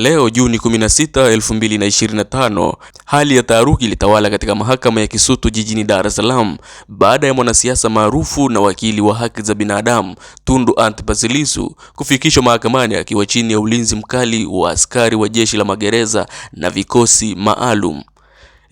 Leo Juni 16, 2025, hali ya taharuki ilitawala katika mahakama ya Kisutu jijini Dar es Salaam baada ya mwanasiasa maarufu na wakili wa haki za binadamu Tundu Antipas Lissu kufikishwa mahakamani akiwa chini ya ulinzi mkali wa askari wa jeshi la magereza na vikosi maalum.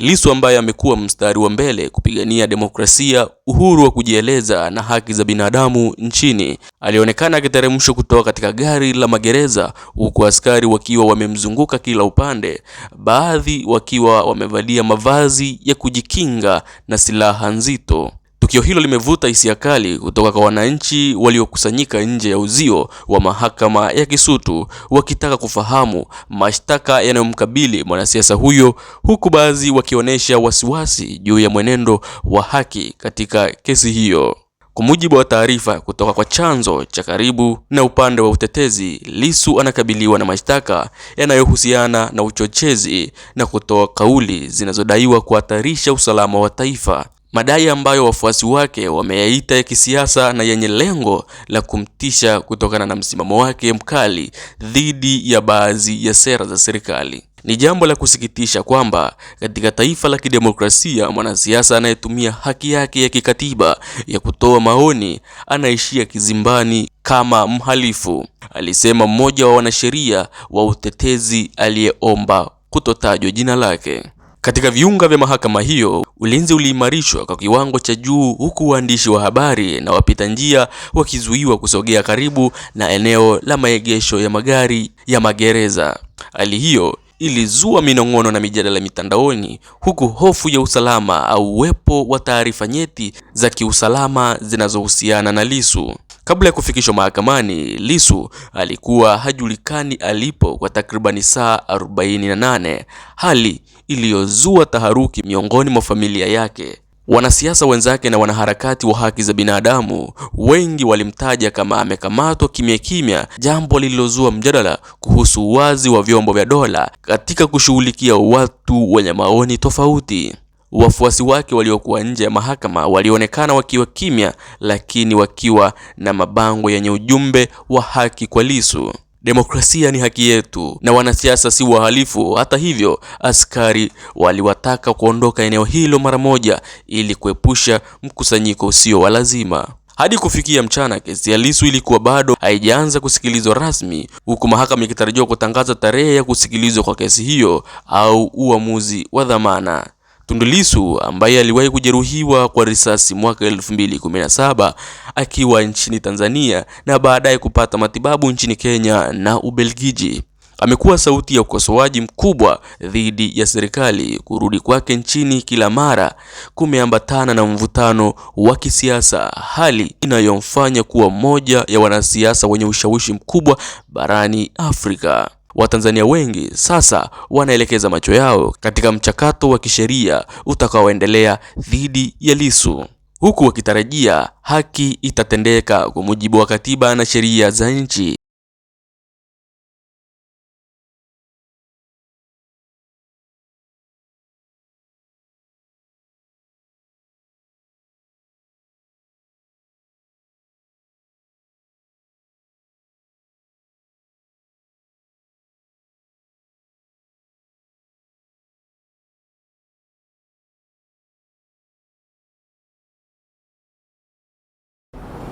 Lissu ambaye amekuwa mstari wa mbele kupigania demokrasia, uhuru wa kujieleza na haki za binadamu nchini, alionekana akiteremshwa kutoka katika gari la magereza, huku askari wakiwa wamemzunguka kila upande, baadhi wakiwa wamevalia mavazi ya kujikinga na silaha nzito. Tukio hilo limevuta hisia kali kutoka kwa wananchi waliokusanyika nje ya uzio wa mahakama ya Kisutu wakitaka kufahamu mashtaka yanayomkabili mwanasiasa huyo, huku baadhi wakionyesha wasiwasi juu ya mwenendo wa haki katika kesi hiyo. Kwa mujibu wa taarifa kutoka kwa chanzo cha karibu na upande wa utetezi, Lissu anakabiliwa na mashtaka yanayohusiana na uchochezi na kutoa kauli zinazodaiwa kuhatarisha usalama wa taifa madai ambayo wafuasi wake wameyaita ya kisiasa na yenye lengo la kumtisha kutokana na msimamo wake mkali dhidi ya baadhi ya sera za serikali. Ni jambo la kusikitisha kwamba katika taifa la kidemokrasia mwanasiasa anayetumia haki yake ya kikatiba ya kutoa maoni anaishia kizimbani kama mhalifu, alisema mmoja wa wanasheria wa utetezi aliyeomba kutotajwa jina lake. Katika viunga vya mahakama hiyo, ulinzi uliimarishwa kwa kiwango cha juu, huku waandishi wa habari na wapita njia wakizuiwa kusogea karibu na eneo la maegesho ya magari ya magereza. Hali hiyo ilizua minong'ono na mijadala mitandaoni, huku hofu ya usalama au uwepo wa taarifa nyeti za kiusalama zinazohusiana na Lissu Kabla ya kufikishwa mahakamani, Lissu alikuwa hajulikani alipo kwa takribani saa 48, hali iliyozua taharuki miongoni mwa familia yake. Wanasiasa wenzake na wanaharakati wa haki za binadamu wengi walimtaja kama amekamatwa kimya kimya, jambo lililozua mjadala kuhusu uwazi wa vyombo vya dola katika kushughulikia watu wenye maoni tofauti. Wafuasi wake waliokuwa nje ya mahakama walionekana wakiwa kimya, lakini wakiwa na mabango yenye ujumbe wa haki kwa Lissu. Demokrasia ni haki yetu na wanasiasa si wahalifu. Hata hivyo, askari waliwataka kuondoka eneo hilo mara moja ili kuepusha mkusanyiko usio wa lazima. Hadi kufikia mchana, kesi ya Lissu ilikuwa bado haijaanza kusikilizwa rasmi, huku mahakama ikitarajiwa kutangaza tarehe ya kusikilizwa kwa kesi hiyo au uamuzi wa dhamana. Tundu Lissu ambaye aliwahi kujeruhiwa kwa risasi mwaka 2017 akiwa nchini Tanzania na baadaye kupata matibabu nchini Kenya na Ubelgiji amekuwa sauti ya ukosoaji mkubwa dhidi ya serikali. Kurudi kwake nchini kila mara kumeambatana na mvutano wa kisiasa, hali inayomfanya kuwa mmoja ya wanasiasa wenye ushawishi mkubwa barani Afrika. Watanzania wengi sasa wanaelekeza macho yao katika mchakato wa kisheria utakaoendelea dhidi ya Lissu huku wakitarajia haki itatendeka kwa mujibu wa katiba na sheria za nchi.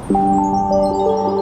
Música